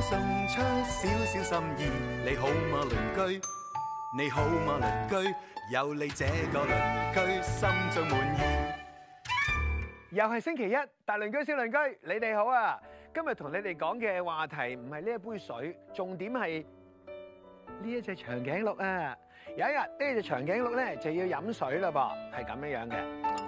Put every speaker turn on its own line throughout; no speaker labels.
送出少少心意，你好嘛，鄰居？你好嘛，鄰居？有你這個鄰居，心中滿意。又係星期一，大鄰居小鄰居，你哋好啊！今日同你哋講嘅話題唔係呢一杯水，重點係呢一隻長頸鹿啊！有一日呢隻長頸鹿咧就要飲水啦噃，係咁樣樣嘅。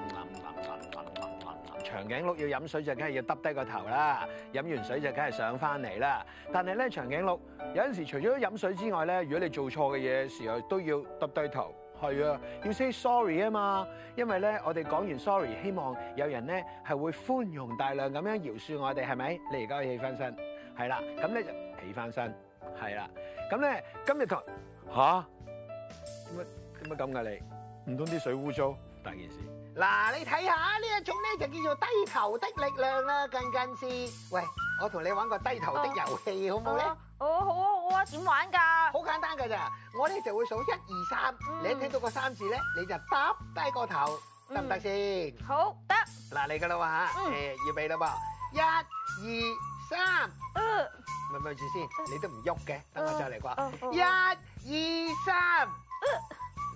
長頸鹿要飲水就梗係要揼低個頭啦，飲完水就梗係上翻嚟啦。但係咧，長頸鹿有陣時除咗飲水之外咧，如果你做錯嘅嘢時候都要揼低頭。係啊，要 say sorry 啊嘛。因為咧，我哋講完 sorry，希望有人咧係會寬容大量咁樣饒恕我哋，係咪？你而家可以起翻身，係啦。咁咧就起翻身，係啦。咁咧今日同吓點解點解咁嘅你？唔通啲水污糟大件事？嗱，你睇下呢一種咧就叫做低頭的力量啦，近近先，喂，我同你玩個低頭的遊戲好唔好咧？哦，好啊，好啊，點玩㗎？好簡單㗎咋，我咧就會數一二三，你一聽到個三字咧你就耷低個頭，得唔得先？好得。嗱，嚟㗎啦喎嚇，要俾啦噃，一二三，咪咪住先，你都唔喐嘅，等我再嚟過。一二三。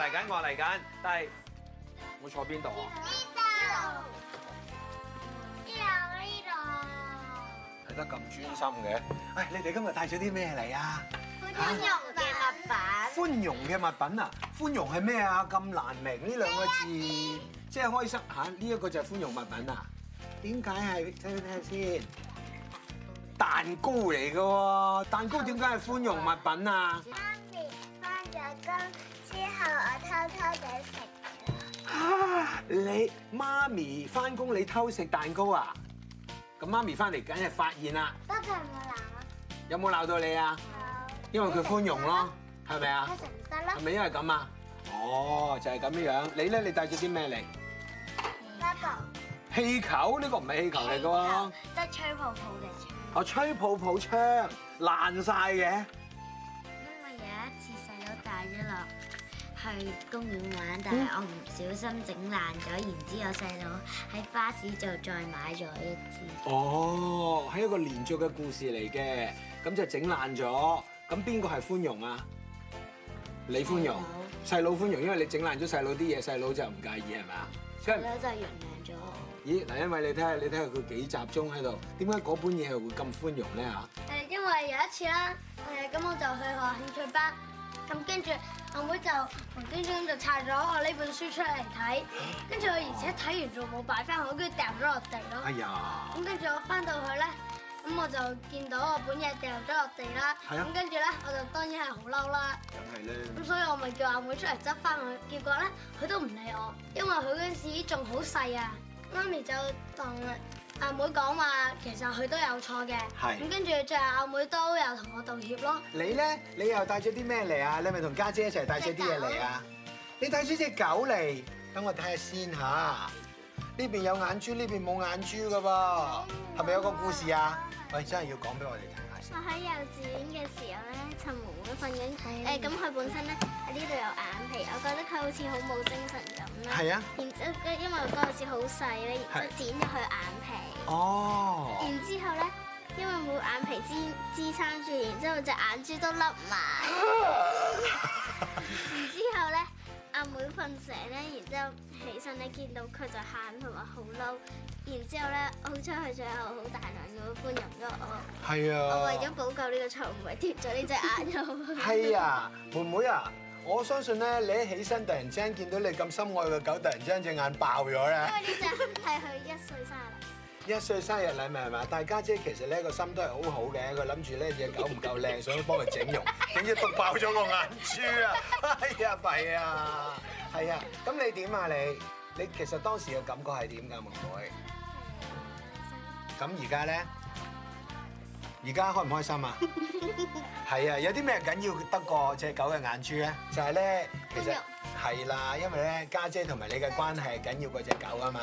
嚟緊，我嚟緊，但係我坐邊度、哎、啊？呢
度，呢度，
呢度。睇得咁專心嘅，誒，你哋今日帶咗啲咩嚟啊？
寬容
嘅物品。寬容嘅物品啊？寬容係咩啊？咁難明呢兩個字，即係開心吓。呢、啊、一、個就係寬容物品啊？點解係？睇睇先，蛋糕嚟㗎喎，蛋糕點解係寬容物品啊？啊
之後
我偷偷地食咗。吓，你媽咪翻工你偷食蛋糕啊？咁媽咪翻嚟梗係發現啦。
不
過冇鬧我，有冇鬧到你啊？有。因為佢寬容咯，係咪啊？食
唔得咯。係咪因為
咁啊？哦，就係咁樣樣。你咧？你帶咗啲咩嚟？氣球。氣球呢個唔係氣球嚟噶喎。即係吹泡泡嘅
槍。
我吹泡泡槍
爛晒嘅。去公園玩，但係我唔小心整爛咗，然之後細佬喺花市就再買咗
一支。哦，係一個連續嘅故事嚟嘅，咁就整爛咗，咁邊個係寬容啊？你寬容，細佬寬容，因為你整爛咗細佬啲嘢，細佬就唔介意係咪？細佬真係容忍咗。咦，嗱，因為你睇下，你睇下佢幾集中喺度，點解嗰本嘢係會咁寬容咧
嚇？誒，因為有一次啦，誒，咁我就去學興趣班。咁跟住阿妹，妹就無端端就拆咗我呢本書出嚟睇，跟住佢而且睇完仲冇擺翻好，跟住掉咗落地咯。哎呀！咁跟住我翻到去咧，咁我就見到我本嘢掉咗落地啦。咁的跟住咧，我就當然係好嬲啦。
梗係啦。咁所
以我咪叫阿妹，妹出嚟執翻佢，結果咧佢都唔理我，因為佢嗰陣時仲好細啊。媽咪就當。阿妹講話，其實佢都有錯嘅。係咁的，跟住最後阿妹都有同我道歉咯。
你咧，你又帶咗啲咩嚟啊？你咪同家姐一齊帶咗啲嘢嚟啊？你帶咗隻狗嚟，等我睇下先吓，呢邊有眼珠，呢邊冇眼珠嘅噃，係咪的有個故事啊？係的真係要講俾我哋聽。
我喺幼稚園嘅時候咧，趁妹妹瞓緊，誒，咁佢的、呃、本身咧喺呢度有眼皮，我覺得佢好似好冇精神咁啦。係啊的，然之後因為佢好似好細咧，剪咗佢眼皮。哦。然之後咧，因為冇眼皮支支撐住，然之後隻眼珠都凹埋。 然之後咧。阿妹瞓醒咧，然之後起身咧，見到佢就
喊同埋好嬲，然
之後咧，好彩佢最後好大量咁寬容咗我。係啊！我為咗補救呢個錯，唔係貼咗呢隻眼
又。係啊，妹妹啊，我相信咧，你一起身突然之間見到你咁深愛嘅狗突然之間隻眼爆咗啦。因為呢
隻係佢一歲生日。
一歲生日禮物係嘛？大家姐其實咧個心都係好好嘅，佢諗住咧隻狗唔夠靚，想幫佢整容，點知篤爆咗個眼珠啊！哎呀弊啊！係啊，咁你點啊你？你其實當時嘅感覺係點㗎妹妹？咁而家咧，而家開唔開心啊？係啊，有啲咩緊要得過隻狗嘅眼珠咧？就係咧，其實。係啦，因為咧家姐同埋你嘅關係係緊要過隻狗啊嘛。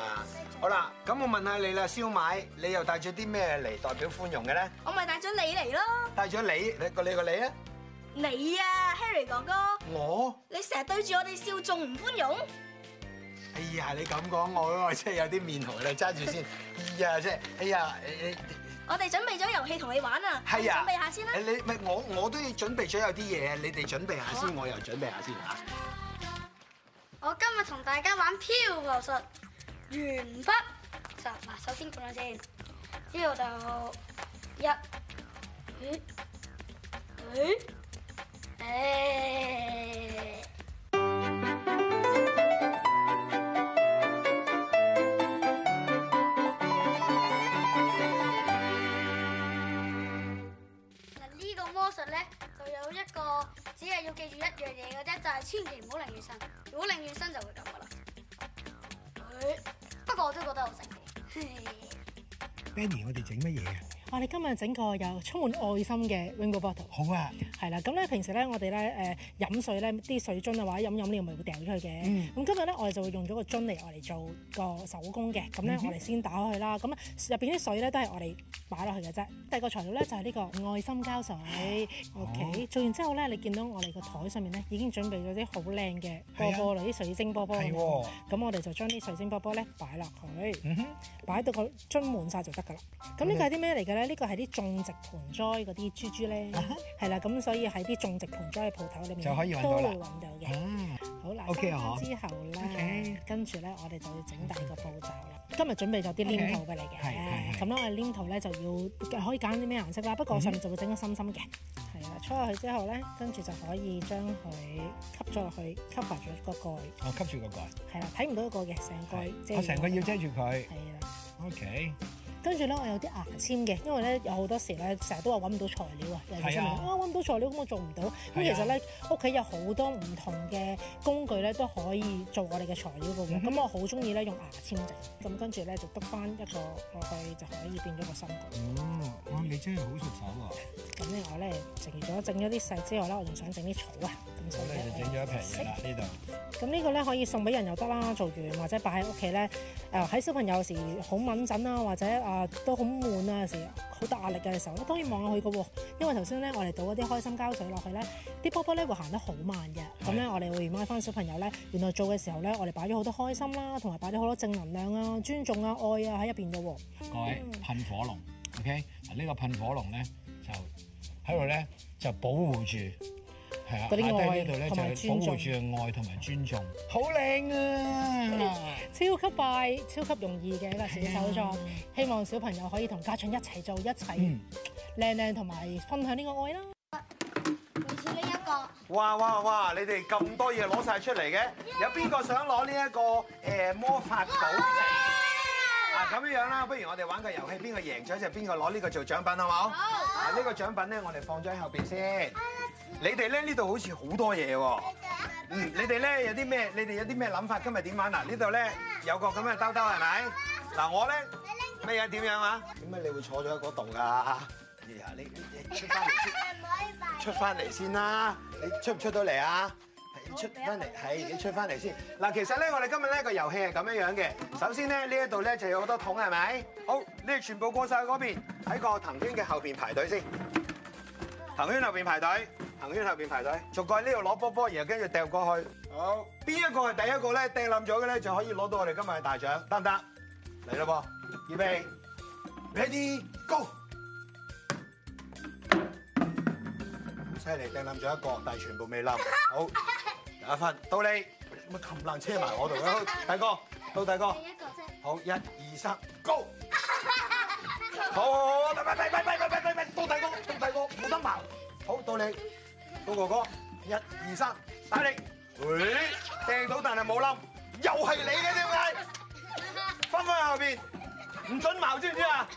好啦，咁我問下你啦，燒賣，你又帶咗啲咩嚟代表寬容嘅咧？
我咪帶咗你嚟咯。
帶咗你，你個你個你啊？
你啊，Harry 哥哥。
我。
你成日對住我哋笑，仲唔寬容？
哎呀，你咁講我，我真係有啲面紅啦，揸住先。哎呀，真係，哎呀，
你。我哋準備咗遊戲同你玩啊！係啊，準備下先
啦。你唔係我，我都要準備咗有啲嘢，你哋準備下先，我又準備下先吓。
我今日同大家玩漂流術，完畢。十，首先咁樣先，之後就，一，咦，咦，咦、欸。只係要記住一樣嘢嘅啫，就係、是、千祈唔好淋雨身。如果淋雨身
就會咁噶啦。不過我都覺得好食嘅。 Benny，我哋
整乜嘢啊？我哋今日整個有充滿愛心嘅 Rainbow Bottle。好啊。係啦，咁咧、嗯、平時咧我哋咧誒飲水咧啲水樽或者飲飲料，我咪會掉出去嘅。咁今日咧我哋就會用咗個樽嚟我嚟做個手工嘅。咁咧、嗯、哼我哋先打開佢啦。咁入邊啲水咧都係我哋擺落去嘅啫。第二個材料咧就係、是、呢、呢個愛心膠水。OK，、啊、做完之後咧，你見到我哋個台上面咧已經準備咗啲好靚嘅波波啦，啲的水晶波波。係咁的我哋就將啲水晶波波咧擺落去。嗯，擺哼到個樽滿晒就得㗎啦。咁呢、呢個係啲咩嚟嘅咧？呢個係啲種植盆栽嗰啲珠珠咧。係啦、啊，咁。 所以喺啲種植盆栽嘅鋪頭裡面就可以揾到嘅，都會揾到嘅。好啦，OK 之後咧，跟住咧我哋就要整大個步驟啦。今日準備咗啲黏土俾你嘅，咁我嘅黏土咧就要可以揀啲咩顏色啦。不過上面就會整得深深嘅。係啦，搓落去之後咧，跟住就可以將佢吸咗落去 cover 住個蓋。
哦，吸住個蓋。
係啦，睇唔到個蓋嘅，成個我成個
要遮住佢。係
啦。OK。跟住咧，我有啲牙籤嘅，因為咧有好多時咧，成日都話揾唔到材料人 Yeah. 啊，又出名啊揾唔到材料咁、啊、我做唔到。咁其實咧，屋企 Yeah. 有好多唔同嘅工具咧，都可以做我哋嘅材料嘅。咁、哦嗯、哼我好中意咧用牙籤整。咁跟住咧就篤翻一個落去，就可以變咗個新嗯，
嗯，嗯，你真係好熟手啊！
咁咧我咧，除咗整咗啲細之後咧，我仲想整啲草啊。咁所以咧就整咗一樖嘢啦呢度。咁呢個咧可以送俾人又得啦，做完或者擺喺屋企咧。誒、呃、喺小朋友時好敏準啊，或者都好悶啊！有時好大壓力嘅時候咧，當然望落去嘅喎、哦。因為頭先咧，我哋倒嗰啲開心膠水落去咧，啲波波咧會行得好慢嘅。咁咧的，我哋會問翻小朋友咧，原來做嘅時候咧，我哋擺咗好多開心啦、啊，同埋擺咗好多正能量啊、尊重啊、愛啊喺入邊嘅喎。哦、各位、嗯、
噴火龍，OK？呢、啊呢個噴火龍咧就喺度咧就保護住。係啊，嗰啲愛呢，就係保護住愛同埋尊重。
好靚 啊！ 超級快、超級容易嘅啦，手作。 希望小朋友可以同家長一齊做，一齊靚靚同埋分享呢個愛啦。
似呢一個。哇哇哇！你哋咁多嘢攞晒出嚟嘅，Yeah. 有邊個想攞呢一個誒魔法寶？嗱咁 Yeah. 樣樣啦，不如我哋玩個遊戲，邊個贏咗就邊個攞呢個做獎品，好冇？嗱，呢、啊呢個獎品咧，我哋放咗喺後邊先。 你哋咧呢度好似好多嘢喎，嗯，你哋咧有啲咩？你哋有啲咩諗法？今日點玩？嗱，呢度咧有個咁嘅兜兜係咪？嗱，我咧咩嘢點樣啊？點解你會坐咗喺嗰度㗎？哎、呀，你你，你出翻嚟先，出翻嚟先啦！你出唔出到嚟啊？好出翻嚟，係來我你出翻嚟先。嗱，其實咧我哋今日咧、個遊戲係咁樣樣嘅。首先咧呢一度咧就有好多桶係咪？好，你哋全部過曬去嗰邊，喺個藤圈嘅後邊排隊先。藤圈後邊排隊。喺後邊排隊，逐個喺呢度攞波波，然後跟住掟過去。好，邊一個係第一個咧？掟冧咗嘅咧就可以攞到我哋今日嘅大獎，得唔得？嚟啦噃，預備，ready go，犀利，掟冧咗一個，但係全部未冧。好，阿芬，到你，咪冚冷車埋我度啦，大哥，到大哥。一個
啫。
好，一、二、三
，go。好
好好，喂喂喂喂喂喂，到大哥，到大哥，冇得跑。好，到你。好，哥哥，一、二、三，大力，掟到但係冇冧，又係你嘅，點解？翻返去後邊，唔准矛知唔知啊？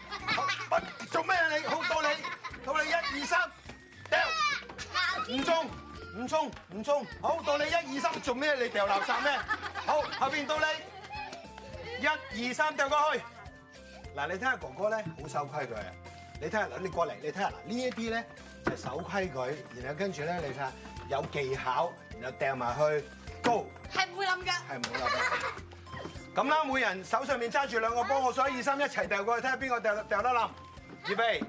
做咩啊你？到你，到你，一、二、三，掉，唔中，唔中，唔中。好，到你，一、二、三，做咩你掉垃圾咩？好，後邊到你，一、二、三，掉過去。嗱，你睇下哥哥咧，好守規矩嘅，你睇下，你過嚟，你睇下，呢一啲咧。守規矩，然後跟住咧，你睇下，有技巧，然後掟埋去高，
係唔會冧㗎。係唔會冧。
咁啦，每人手上面揸住兩個波，我數一二三一齊掟過去，睇下邊個掟掟得冧。預備。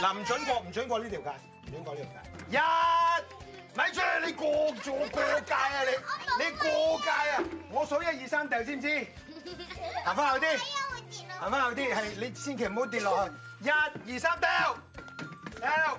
嗱，唔准過，唔准過呢條界，唔准過呢條界。一，咪住，你過咗過界啊你！你過界啊！我數一二三掟先知？
行翻後啲。
行翻後啲，係你千祈唔好跌落去。一二三掟，掟。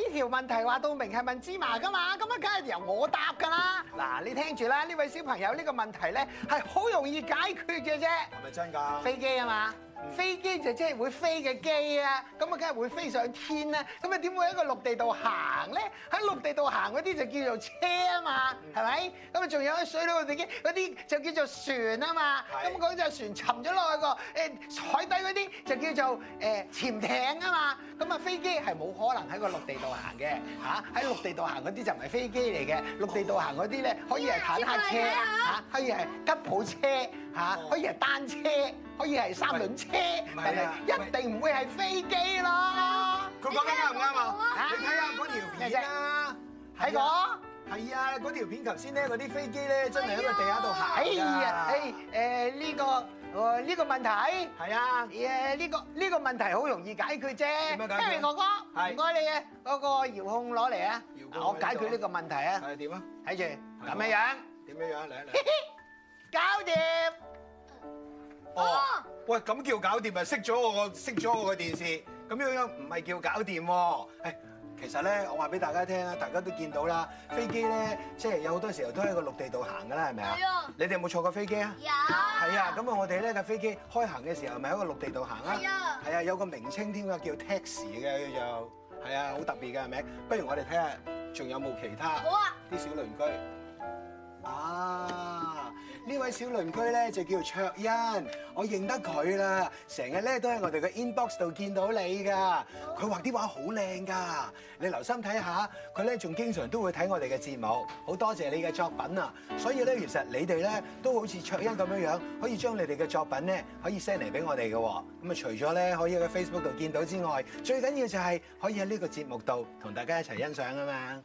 呢條問題話到明係問芝麻㗎嘛，咁啊梗係由我答㗎啦。嗱，你聽住啦，呢位小朋友呢個問題咧係好容易解決嘅啫。係咪真㗎？飛機啊嘛？飛機就即係會飛嘅機啊，咁啊梗係會飛上天啦，咁啊點會喺個陸地度行咧？喺陸地度行嗰啲就叫做車啊嘛，係咪？咁啊仲有喺水度嘅機嗰啲就叫做船啊嘛，咁嗰隻船沉咗落去個誒海底嗰啲就叫做誒潛艇啊嘛，咁啊飛機係冇可能喺個陸地度行嘅嚇，喺陸地度行嗰啲就唔係飛機嚟嘅，陸地度行嗰啲咧可以係坦克車嚇， 可以係吉普車。嚇，可以係單車，可以係三輪車，係啊，一定唔會係飛機咯。佢講緊啱唔啱啊？你睇下嗰條片啦，睇我。係啊，嗰條片頭先咧，嗰啲飛機咧真係喺個地下度行。哎呀，哎，誒呢個呢個問題係啊，誒呢個呢個問題好容易解決啫。Harry 哥哥，唔該你啊，嗰個遙控攞嚟啊，我解決呢個問題啊。係點啊？睇住，咁樣樣，點樣樣嚟啊嚟。搞掂！哦，喂，咁叫搞掂啊？熄咗我個熄咗我個電視，咁樣樣唔係叫搞掂喎。誒，其實咧，我話俾大家聽啊，大家都見到啦，飛機咧，即係有好多時候都喺個陸地度行噶啦，係咪啊？係啊。你哋有冇坐過飛機啊？有。係啊，咁啊，我哋咧架飛機開行嘅時候，咪喺個陸地度行啊？係啊。係啊，有個名稱添啊，叫 taxi 嘅就係啊，好特別嘅係咪？不如我哋睇下仲有冇其他？好啊。啲小鄰居啊。呢位小鄰居咧就叫卓欣，我認得佢啦。成日咧都喺我哋嘅 inbox 度見到你㗎。佢畫啲畫好靚㗎，你留心睇下。佢咧仲經常都會睇我哋嘅節目，好多謝你嘅作品啊。所以咧，其實你哋咧都好似卓欣咁樣樣，可以將你哋嘅作品咧可以 send 嚟俾我哋嘅。咁啊，除咗咧可以喺 Facebook 度見到之外，最緊要就係可以喺呢個節目度同大家一齊欣賞啊嘛。